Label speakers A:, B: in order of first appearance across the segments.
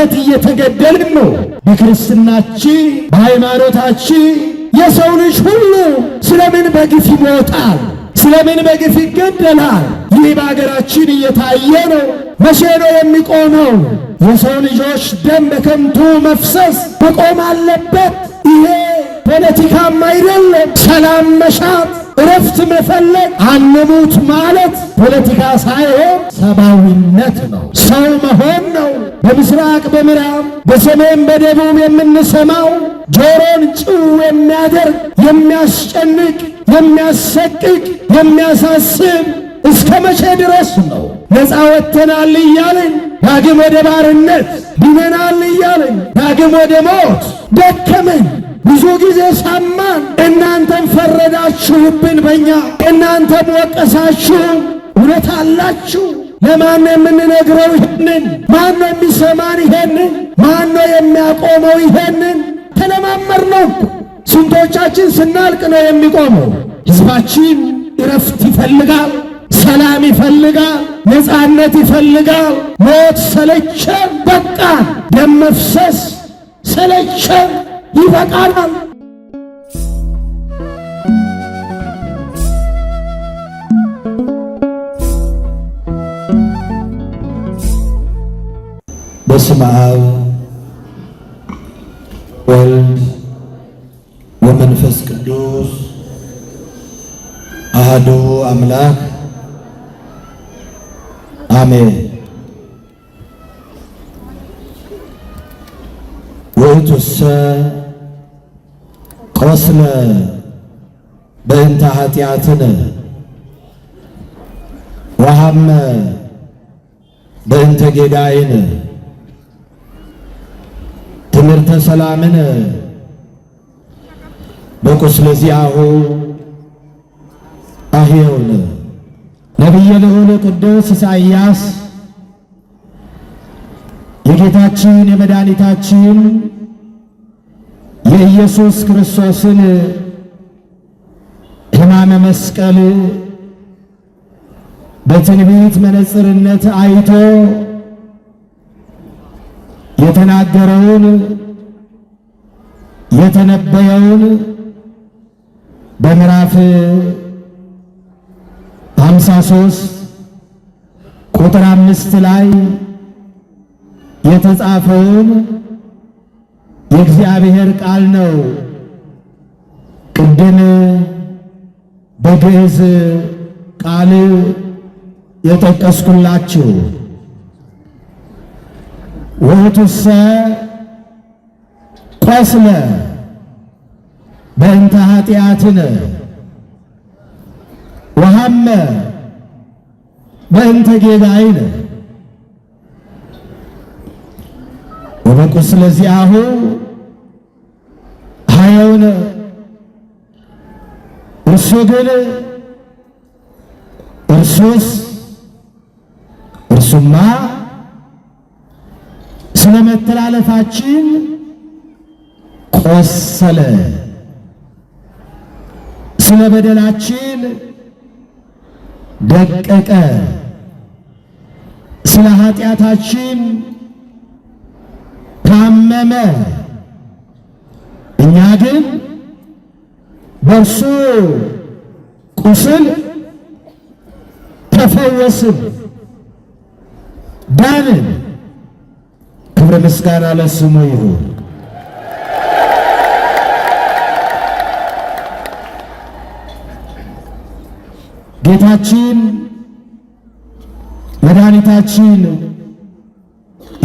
A: እምነት እየተገደልን ነው። በክርስትናችን በሃይማኖታችን የሰው ልጅ ሁሉ ስለምን በግፍ ይሞታል? ስለምን በግፍ ይገደላል? ይህ በአገራችን እየታየ ነው። መቼ ነው የሚቆመው? የሰው ልጆች ደም በከንቱ መፍሰስ መቆም አለበት። ይሄ ፖለቲካም አይደለም፣ ሰላም መሻት እረፍት መፈለግ አንሙት ማለት ፖለቲካ ሳይሆን ሰብአዊነት ነው፣ ሰው መሆን ነው። በምስራቅ በምዕራብ በሰሜን በደቡብ የምንሰማው ጆሮን ጭው የሚያደርግ የሚያስጨንቅ የሚያሰቅቅ የሚያሳስብ እስከ መቼ ድረስ ነው? ነፃ ወጥተናል እያልን ዳግም ወደ ባርነት ድነናል እያልን ዳግም ወደ ሞት ደከመን ብዙ ጊዜ ሰማን። እናንተም ፈረዳችሁብን በእኛ እናንተም ወቀሳችሁ። እውነት አላችሁ። ለማን የምንነግረው ይሄንን? ማን ነው የሚሰማን ይሄንን? ማን ነው የሚያቆመው ይሄንን? ተለማመር ነው። ስንቶቻችን ስናልቅ ነው የሚቆመው? ሕዝባችን እረፍት ይፈልጋል፣ ሰላም ይፈልጋል፣ ነፃነት ይፈልጋል። ሞት ሰለቸን፣ በቃ ደም መፍሰስ ሰለቸን። ይበቃናል።
B: በስመ አብ ወልድ ወመንፈስ ቅዱስ አሐዱ አምላክ አሜን። ወልብሰ ቆስለ በእንተ ኃጢአትነ ወሐመ በእንተ ጌዳይነ ትምህርተ ሰላምነ በቁስለ ዚአሁ አህየውነ። ነቢየ ልዑል ቅዱስ ኢሳይያስ የጌታችን የመድኃኒታችን የኢየሱስ ክርስቶስን ሕማመ መስቀል በትንቢት መነጽርነት አይቶ የተናገረውን የተነበየውን በምዕራፍ 53 ቁጥር አምስት ላይ የተጻፈውን የእግዚአብሔር ቃል ነው። ቅድም በግዕዝ ቃል የጠቀስኩላችሁ ወሕቱሰ ቆስለ በእንተ ኃጢአትነ ወሐመ በእንተ ጌጋይነ ወበቁስለ ዚአሁ ሀየውነ እርሱ ግን እርሱስ እርሱማ ስለ መተላለፋችን ቆሰለ፣ ስለ በደላችን ደቀቀ፣ ስለ ኃጢአታችን ታመመ። እኛ ግን በእርሱ ቁስል ተፈወስን፣ ዳንን። ክብረ ምስጋና ለስሙ ይሁን። ጌታችን መድኃኒታችን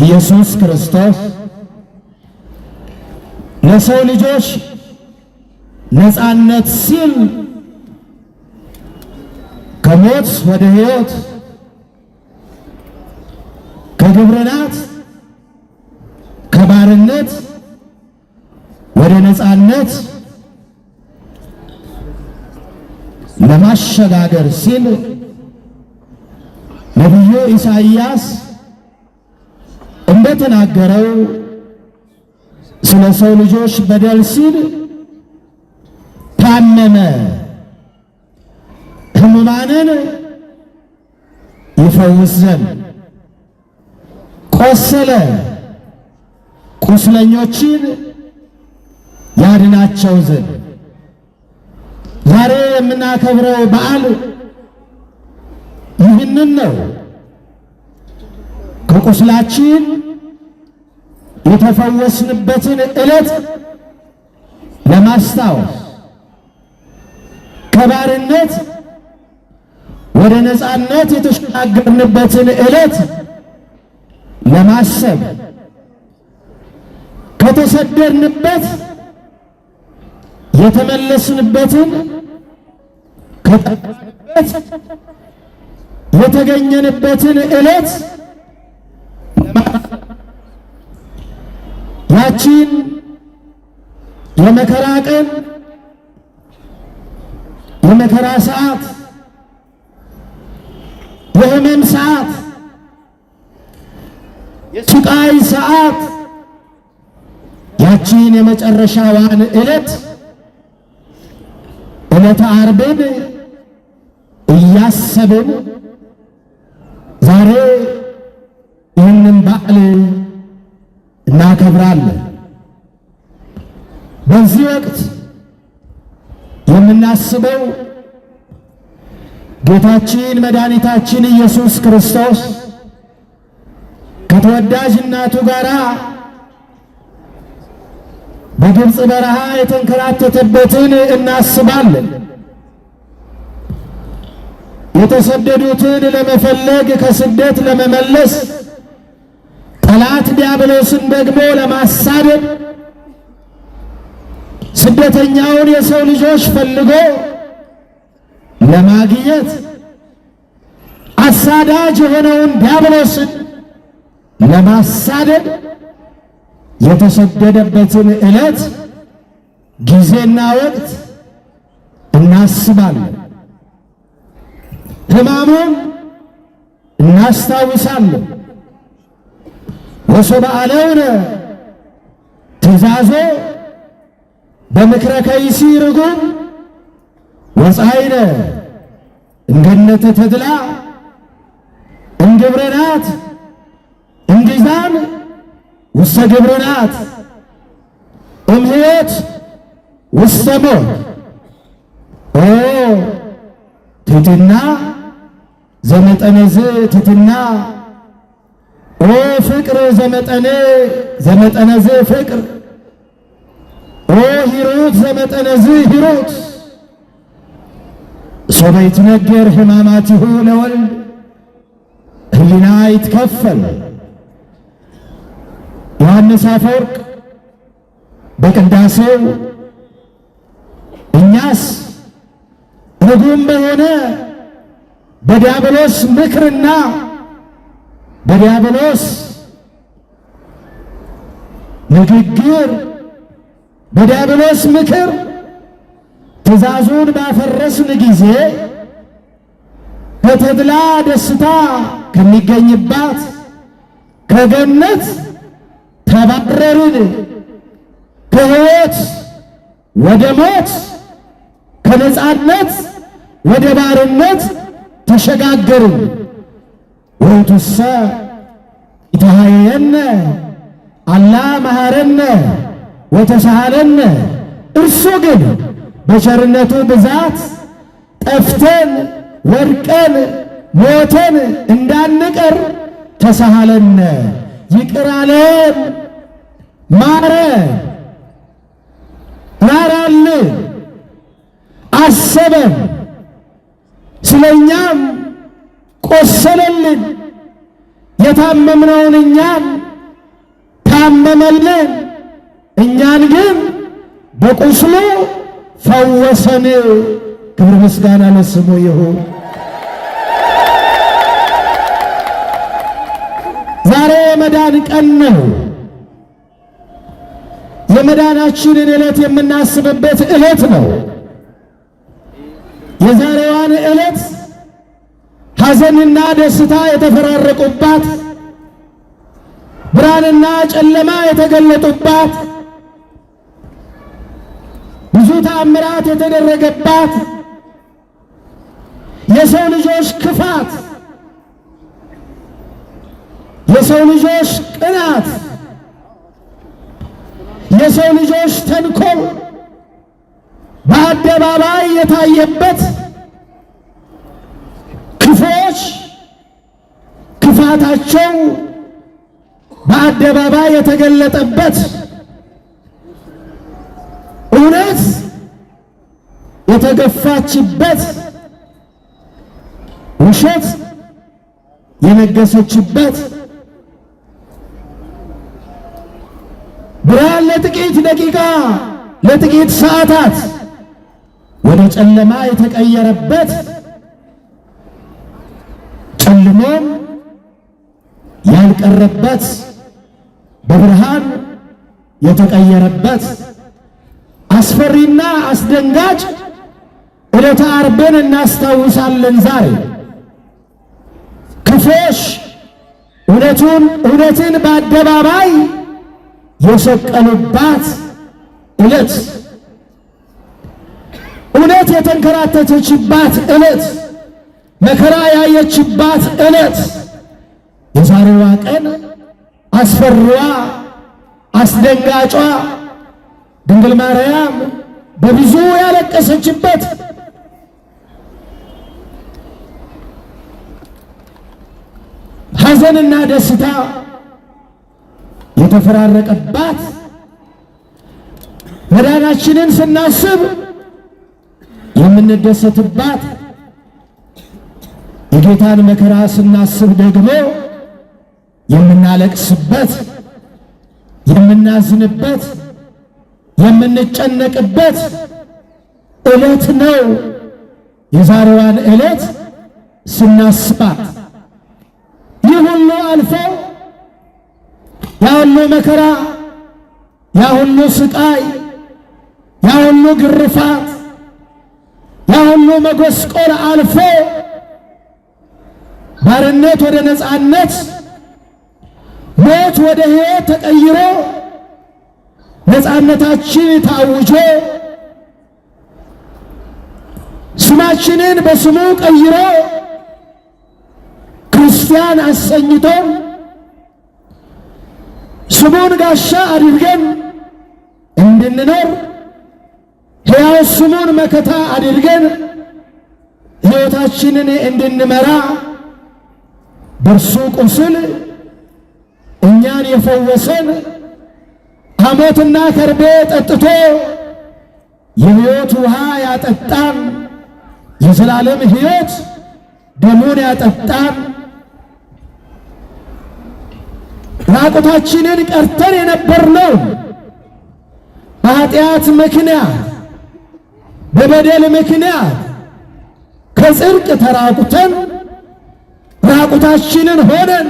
B: ኢየሱስ ክርስቶስ ለሰው ልጆች ነፃነት ሲል ከሞት ወደ ሕይወት ከግብርናት ከባርነት ወደ ነፃነት ለማሸጋገር ሲል ነቢዩ ኢሳይያስ እንደተናገረው ስለ ሰው ልጆች በደል ሲል ታመመ፣ ሕሙማንን ይፈውስ ዘንድ ቆሰለ፣ ቁስለኞችን ያድናቸው ዘንድ። ዛሬ የምናከብረው በዓል ይህንን ነው። ከቁስላችን የተፈወስንበትን ዕለት ለማስታወስ ከባርነት ወደ ነፃነት የተሸጋገርንበትን ዕለት ለማሰብ ከተሰደርንበት የተመለስንበትን ከጠበት የተገኘንበትን ዕለት ያቺን የመከራ ቀን የመከራ ሰዓት የህመም ሰዓት የስቃይ ሰዓት ያቺን የመጨረሻዋን ዕለት ዕለተ ዓርብን እያሰብን ዛሬ ይህንን በዓል እናከብራለን። በዚህ ወቅት የምናስበው ጌታችን መድኃኒታችን ኢየሱስ ክርስቶስ ከተወዳጅ እናቱ ጋር በግብፅ በረሃ የተንከራተተበትን እናስባለን። የተሰደዱትን ለመፈለግ ከስደት ለመመለስ ጠላት ዲያብሎስን ደግሞ ለማሳደድ ስደተኛውን የሰው ልጆች ፈልጎ ለማግኘት አሳዳጅ የሆነውን ዲያብሎስን ለማሳደድ የተሰደደበትን ዕለት ጊዜና ወቅት እናስባለን። ሕማሙን እናስታውሳለን። ወሶበአለውነ ትእዛዞ በምክረ ከይሲ ርጉም ወፀሐይነ እንገነተ ተድላ እንግብርናት እንግዛም ውስተ ግብርናት እምሕይወት ውስተ ኦ ትሕትና ዘመጠነዝ ትሕትና ኦ ፍቅር ዘመጠነ ዘመጠነ ፍቅር ኦ ሂሩት ዘመጠነ ዝ ሂሩት ሶበ ይትነገር ሕማማቲሁ ለወልድ ህሊና ይትከፈል። ዮሐንስ አፈወርቅ በቅዳሴው እኛስ ርጉም በሆነ በዲያብሎስ ምክርና በዲያብሎስ ንግግር፣ በዲያብሎስ ምክር ትእዛዙን ባፈረስን ጊዜ በተድላ ደስታ ከሚገኝባት ከገነት ተባረርን። ከሕይወት ወደ ሞት፣ ከነፃነት ወደ ባርነት ተሸጋገርን። ወይቱሰ ይትሃየየነ አላ መሐረነ ወተሰሃለነ። እርሱ ግን በቸርነቱ ብዛት ጠፍተን ወድቀን ሞተን እንዳንቀር ተሰሃለነ፣ ይቅር አለን፣ ማረ፣ ራራልን፣ አሰበን፣ ስለኛም ቆሰለልን የታመምነውን እኛን ታመመልን፣ እኛን ግን በቁስሉ ፈወሰን። ክብር ምስጋና ለስሙ ይሁን። ዛሬ የመዳን ቀን ነው። የመዳናችንን ዕለት የምናስብበት ዕለት ነው። የዛሬዋን ዕለት ሐዘንና ደስታ የተፈራረቁባት፣ ብርሃንና ጨለማ የተገለጡባት፣ ብዙ ተአምራት የተደረገባት የሰው ልጆች ክፋት፣ የሰው ልጆች ቅናት፣ የሰው ልጆች ተንኮል በአደባባይ የታየበት ክፎች ክፋታቸው በአደባባይ የተገለጠበት እውነት የተገፋችበት ውሸት የነገሰችበት ብርሃን ለጥቂት ደቂቃ ለጥቂት ሰዓታት ወደ ጨለማ የተቀየረበት ጨልሞ ያልቀረበት በብርሃን የተቀየረበት አስፈሪና አስደንጋጭ ዕለተ ዓርብን እናስታውሳለን። ዛሬ ክፎሽ እውነቱን እውነትን በአደባባይ የሰቀሉባት ዕለት እውነት የተንከራተተችባት ዕለት መከራ ያየችባት ዕለት የዛሬዋ ቀን አስፈሪዋ፣ አስደንጋጯ ድንግል ማርያም በብዙ ያለቀሰችበት ሐዘንና ደስታ የተፈራረቀባት መዳናችንን ስናስብ የምንደሰትባት የጌታን መከራ ስናስብ ደግሞ የምናለቅስበት፣ የምናዝንበት፣ የምንጨነቅበት ዕለት ነው። የዛሬዋን ዕለት ስናስባት ይህ ሁሉ አልፎ ያ ሁሉ መከራ፣ ያ ሁሉ ስቃይ፣ ያ ሁሉ ግርፋት፣ ያ ሁሉ መጎስቆል አልፎ ባርነት ወደ ነፃነት፣ ሞት ወደ ሕይወት ተቀይሮ ነፃነታችን ታውጆ ስማችንን በስሙ ቀይሮ ክርስቲያን አሰኝቶ ስሙን ጋሻ አድርገን እንድንኖር ሕያው ስሙን መከታ አድርገን ሕይወታችንን እንድንመራ በእርሱ ቁስል እኛን የፈወሰን ሐሞትና ከርቤ ጠጥቶ የሕይወት ውሃ ያጠጣን የዘላለም ሕይወት ደሙን ያጠጣን ራቁታችንን ቀርተን የነበርነው በኃጢአት ምክንያት በበደል ምክንያት ከጽድቅ ተራቁተን ራቁታችንን ሆነን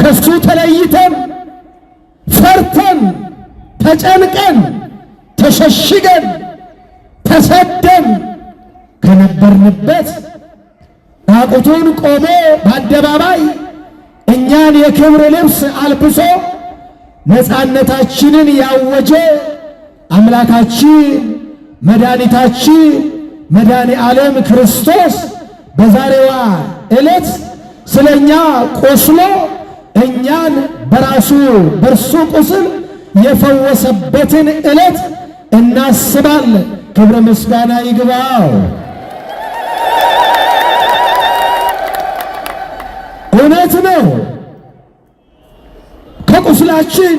B: ከሱ ተለይተን ፈርተን ተጨንቀን ተሸሽገን ተሰደን ከነበርንበት ራቁቱን ቆሞ በአደባባይ እኛን የክብር ልብስ አልብሶ ነፃነታችንን ያወጀ አምላካችን መድኃኒታችን መድኃኔ ዓለም ክርስቶስ በዛሬዋ ዕለት ስለ እኛ ቆስሎ እኛን በራሱ በእርሱ ቁስል የፈወሰበትን ዕለት እናስባለን። ክብረ ምስጋና ይግባው። እውነት ነው። ከቁስላችን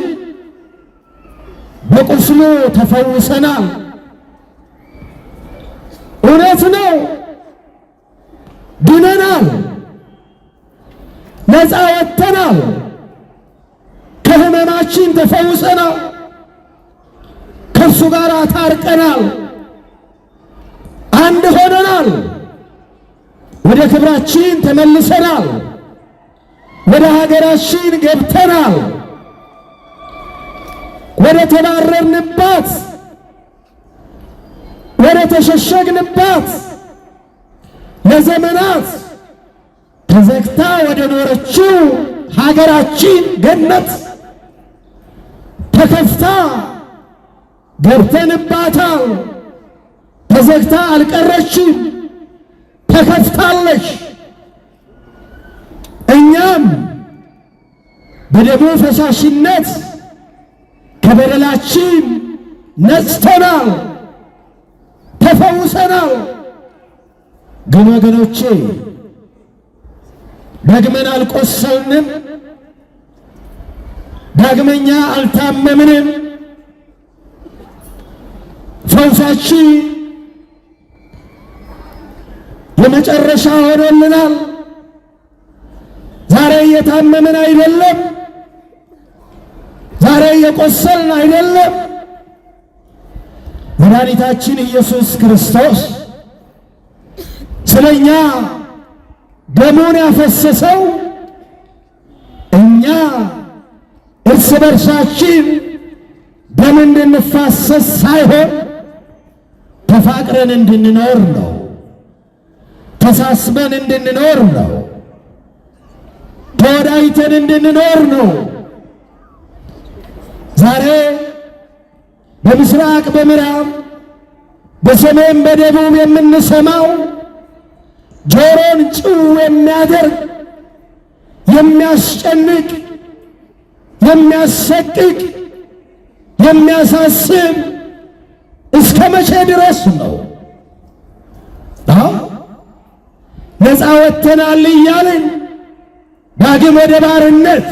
B: በቁስሉ ተፈውሰናል። እውነት ነው። ድነናል፣ ነፃ ወጥተናል፣ ከህመማችን ተፈውሰናል፣ ከእርሱ ጋር ታርቀናል፣ አንድ ሆነናል፣ ወደ ክብራችን ተመልሰናል፣ ወደ ሀገራችን ገብተናል፣ ወደ ተባረርንባት ወደ ተሸሸግንባት ለዘመናት ተዘግታ ወደ ኖረችው ሀገራችን ገነት ተከፍታ ገብተንባታል። ተዘግታ አልቀረችም፣ ተከፍታለች። እኛም በደሙ ፈሳሽነት ከበደላችን ነጽተናል፣ ተፈውሰናል። ግን ወገኖቼ ደግመን አልቆሰልንም፣ ዳግመኛ አልታመምንም። ፈውሳችን የመጨረሻ ሆኖልናል። ዛሬ እየታመምን አይደለም። ዛሬ እየቆሰልን አይደለም። መድኃኒታችን ኢየሱስ ክርስቶስ ስለኛ እኛ ደሙን ያፈሰሰው እኛ እርስ በርሳችን ደም እንድንፋሰስ ሳይሆን ተፋቅረን እንድንኖር ነው። ተሳስበን እንድንኖር ነው። ተወዳጅተን እንድንኖር ነው። ዛሬ በምስራቅ፣ በምዕራብ፣ በሰሜን፣ በደቡብ የምንሰማው ጆሮን ጭው የሚያደርግ የሚያስጨንቅ የሚያሰቅቅ የሚያሳስብ እስከ መቼ ድረስ ነው? ነፃ ወጥተናል እያልን ዳግም ወደ ባርነት፣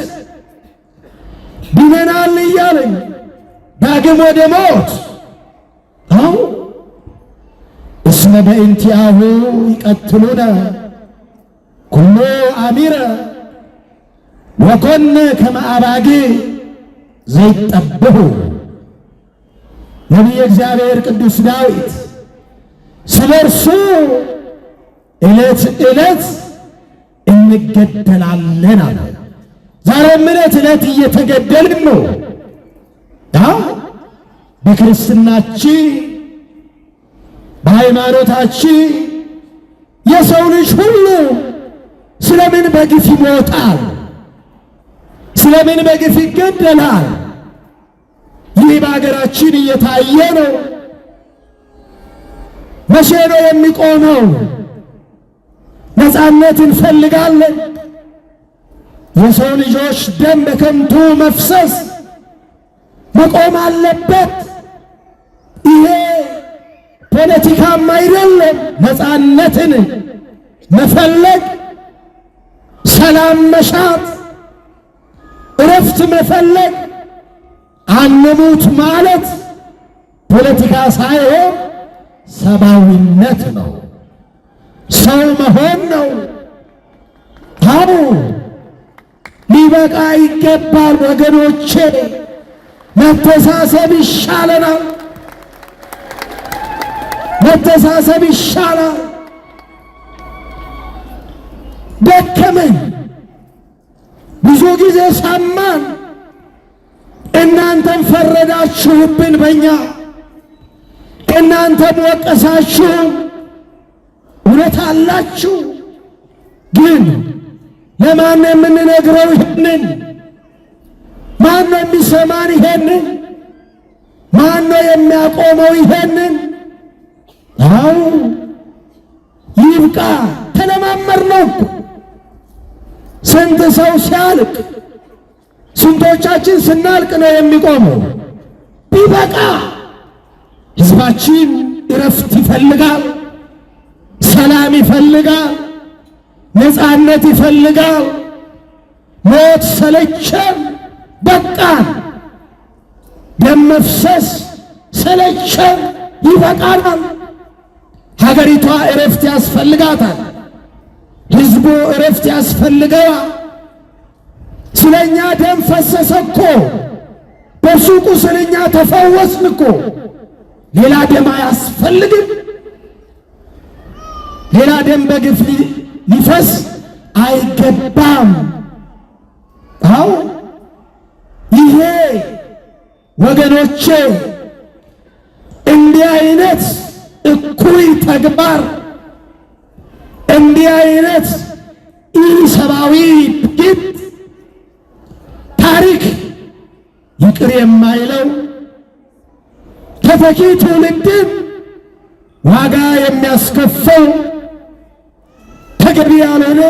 B: ድነናል እያልን ዳግም ወደ ሞት እስመ በእንቲአሁ ይቀትሉነ ኩሎ አሚረ ወኮነ ከመ ዘይጠብሁ ዘይጠብሑ ነቢየ እግዚአብሔር ቅዱስ ዳዊት ስለ እርሱ ዕለት ዕለት እንገደላለን አለ። ዛሬም ዕለት ዕለት እየተገደልን ነው። ዳ በክርስትናችን በሃይማኖታችን የሰው ልጅ ሁሉ ስለምን በግፍ ይሞታል? ስለምን በግፍ ይገደላል? ይህ በሀገራችን እየታየ ነው። መቼ ነው የሚቆመው? ነፃነት እንፈልጋለን። የሰው ልጆች ደም በከንቱ መፍሰስ መቆም አለበት። ፖለቲካም አይደለም። ነፃነትን መፈለግ፣ ሰላም መሻት፣ እረፍት መፈለግ፣ አንሙት ማለት ፖለቲካ ሳይሆን ሰብአዊነት ነው፣ ሰው መሆን ነው። ታቡ ሊበቃ ይገባል ወገኖቼ፣ መተሳሰብ ይሻለናል። መተሳሰብ ይሻላል። ደከመን፣ ብዙ ጊዜ ሰማን። እናንተም ፈረዳችሁብን በእኛ እናንተም ወቀሳችሁ። እውነት አላችሁ። ግን ለማን የምንነግረው? ይህንን? ማን ነው የሚሰማን? ይሄንን ማን ነው የሚያቆመው? ይሄንን አው ይብቃ። ተለማመር ነው። ስንት ሰው ሲያልቅ ስንቶቻችን ስናልቅ ነው የሚቆመው? ቢበቃ። ህዝባችን እረፍት ይፈልጋል፣ ሰላም ይፈልጋል፣ ነፃነት ይፈልጋል። ሞት ሰለቸን፣ በቃ ደም መፍሰስ ሰለቸን፣ ይበቃናል። ሀገሪቷ እረፍት ያስፈልጋታል። ህዝቡ እረፍት ያስፈልገዋ። ስለኛ ደም ፈሰሰ እኮ በሱቁ ስለኛ ተፈወስን እኮ። ሌላ ደም አያስፈልግም። ሌላ ደም በግፍ ሊፈስ አይገባም። አው ይሄ ወገኖቼ እንዲህ አይነት እኩይ ተግባር እንዲህ አይነት ኢሰብአዊ ድርጊት ታሪክ ይቅር የማይለው ተተኪ ትውልድን ዋጋ የሚያስከፈው ተገቢ ያልሆነ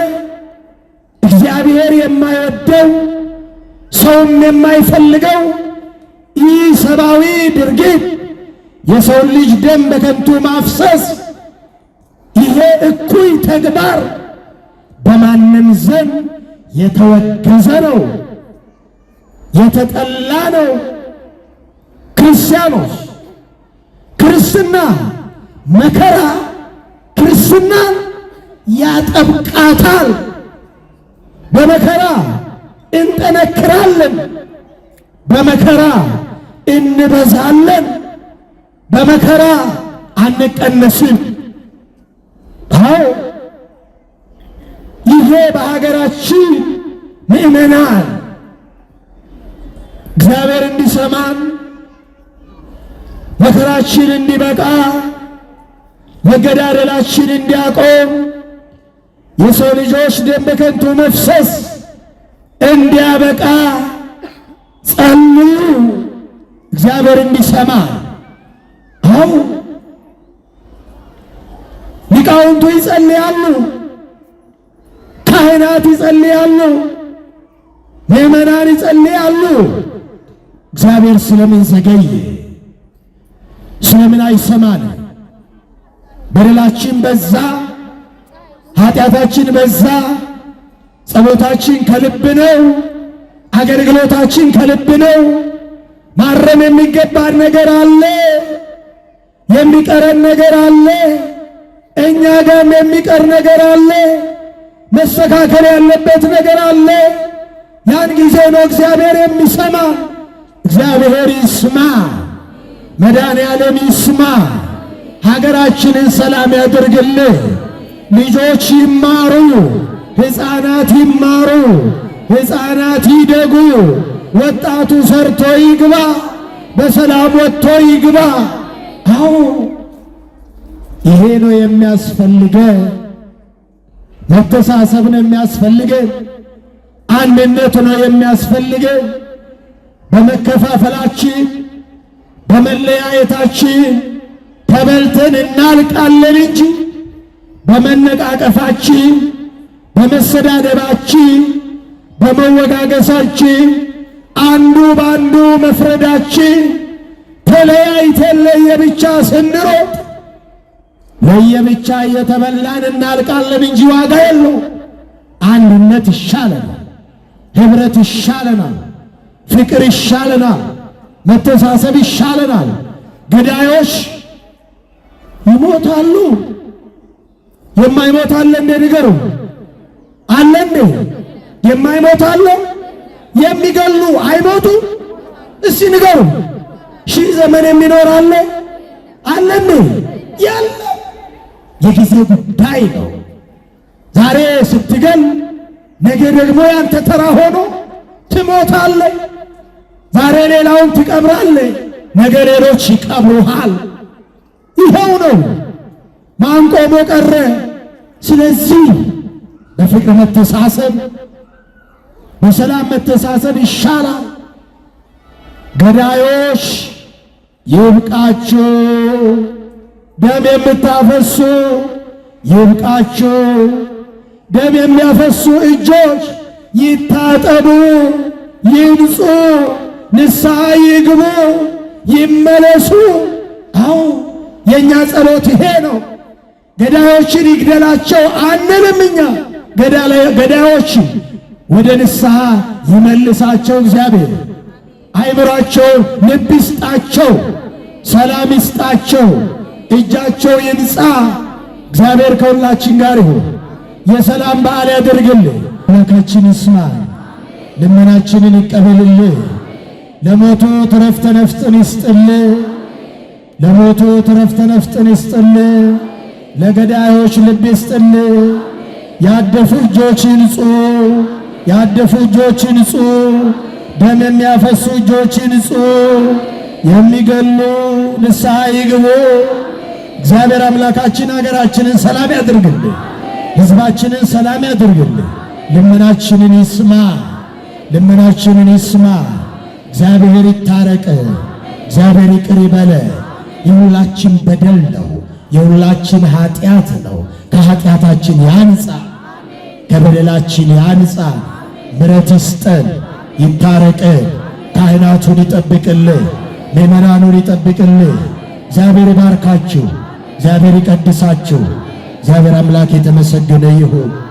B: እግዚአብሔር የማይወደው ሰውም የማይፈልገው ኢሰብአዊ ድርጊት የሰው ልጅ ደም በከንቱ ማፍሰስ ይሄ እኩይ ተግባር በማንም ዘንድ የተወገዘ ነው፣ የተጠላ ነው። ክርስቲያኖች ክርስትና መከራ ክርስትናን ያጠብቃታል። በመከራ እንጠነክራለን፣ በመከራ እንበዛለን። በመከራ አንቀነስም። አዎ ይሄ በሀገራችን ምእመናን እግዚአብሔር እንዲሰማን መከራችን እንዲበቃ መገዳደላችን እንዲያቆም የሰው ልጆች ደም በከንቱ መፍሰስ እንዲያበቃ ጸልዩ፣ እግዚአብሔር እንዲሰማ አሁ ሊቃውንቱ ይጸልያሉ፣ ካህናት ይጸልያሉ፣ ምዕመናን ይጸልያሉ። እግዚአብሔር ስለምን ዘገየ? ስለምን አይሰማን? በደላችን በዛ፣ ኃጢአታችን በዛ፣ ጸሎታችን ከልብ ነው፣ አገልግሎታችን ከልብ ነው። ማረም የሚገባን ነገር አለ። የሚቀረን ነገር አለ። እኛ ጋም የሚቀር ነገር አለ። መስተካከል ያለበት ነገር አለ። ያን ጊዜ ነው እግዚአብሔር የሚሰማ። እግዚአብሔር ይስማ፣ መድኃኔ ዓለም ይስማ፣ ሀገራችንን ሰላም ያድርግል! ልጆች ይማሩ፣ ሕፃናት ይማሩ፣ ሕፃናት ይደጉ፣ ወጣቱ ሰርቶ ይግባ፣ በሰላም ወጥቶ ይግባ። አዎ ይሄ ነው የሚያስፈልገ መተሳሰብ ነው የሚያስፈልገ አንድነት ነው የሚያስፈልገ በመከፋፈላችን በመለያየታችን ተበልተን እናልቃለን እንጂ በመነቃቀፋችን በመሰዳደባችን በመወጋገሳችን አንዱ በአንዱ መፍረዳችን ተለያይተን ለየብቻ ስንሮ ለየብቻ እየተበላን እናልቃለን እንጂ ዋጋ የለው። አንድነት ይሻለናል፣ ህብረት ይሻለናል፣ ፍቅር ይሻለናል፣ መተሳሰብ ይሻለናል። ገዳዮች ይሞታሉ። የማይሞት አለ እንዴ? ንገሩ። አለ እንዴ? የማይሞት አለ? የሚገሉ አይሞቱ? እስቲ ንገሩ። ሺህ ዘመን የሚኖር አለ አለን ያለ የጊዜ ጉዳይ ነው። ዛሬ ስትገል ነገ ደግሞ ያንተ ተራ ሆኖ ትሞታለ። ዛሬ ሌላውን ትቀብራለ፣ ነገ ሌሎች ይቀብሩሃል። ይኸው ነው ማን ቆሞ ቀረ? ስለዚህ በፍቅር መተሳሰብ፣ በሰላም መተሳሰብ ይሻላል ገዳዮች ይብቃችሁ፣ ደም የምታፈሱ ይብቃችሁ። ደም የሚያፈሱ እጆች ይታጠቡ፣ ይንጹ፣ ንስሐ ይግቡ፣ ይመለሱ። አዎ የእኛ ጸሎት ይሄ ነው። ገዳዮችን ይግደላቸው አንልም እኛ። ገዳዮችን ወደ ንስሐ ይመልሳቸው እግዚአብሔር አይምሯቸው ልብ ይስጣቸው፣ ሰላም ይስጣቸው፣ እጃቸው ይንጻ። እግዚአብሔር ከሁላችን ጋር ይሁን። የሰላም በዓል ያድርግልን። አምላካችን ይስማ፣ ልመናችንን ይቀበልልን። ለሞቱ ትረፍተ ነፍጥን ይስጥል፣ ለሞቱ ትረፍተ ነፍጥን ይስጥል፣ ለገዳዮች ልብ ይስጥል። ያደፉ እጆች ይንጹ፣ ያደፉ እጆች ይንጹ። ደም የሚያፈሱ እጆችን ንጹ የሚገሉ ንስሐ ይግቡ። እግዚአብሔር አምላካችን አገራችንን ሰላም ያድርግልን፣ ህዝባችንን ሰላም ያድርግልን። ልመናችንን ይስማ፣ ልመናችንን ይስማ። እግዚአብሔር ይታረቅ፣ እግዚአብሔር ይቅር ይበለ። የሁላችን በደል ነው፣ የሁላችን ኃጢአት ነው። ከኃጢአታችን ያንጻ፣ ከበደላችን ያንጻ፣ ምረት ይስጠን። ይታረቀ፣ ካህናቱን ይጠብቅልህ፣ ምእመናኑን ይጠብቅልህ። እግዚአብሔር ይባርካችሁ፣ እግዚአብሔር ይቀድሳችሁ። እግዚአብሔር አምላክ የተመሰገነ ይሁን።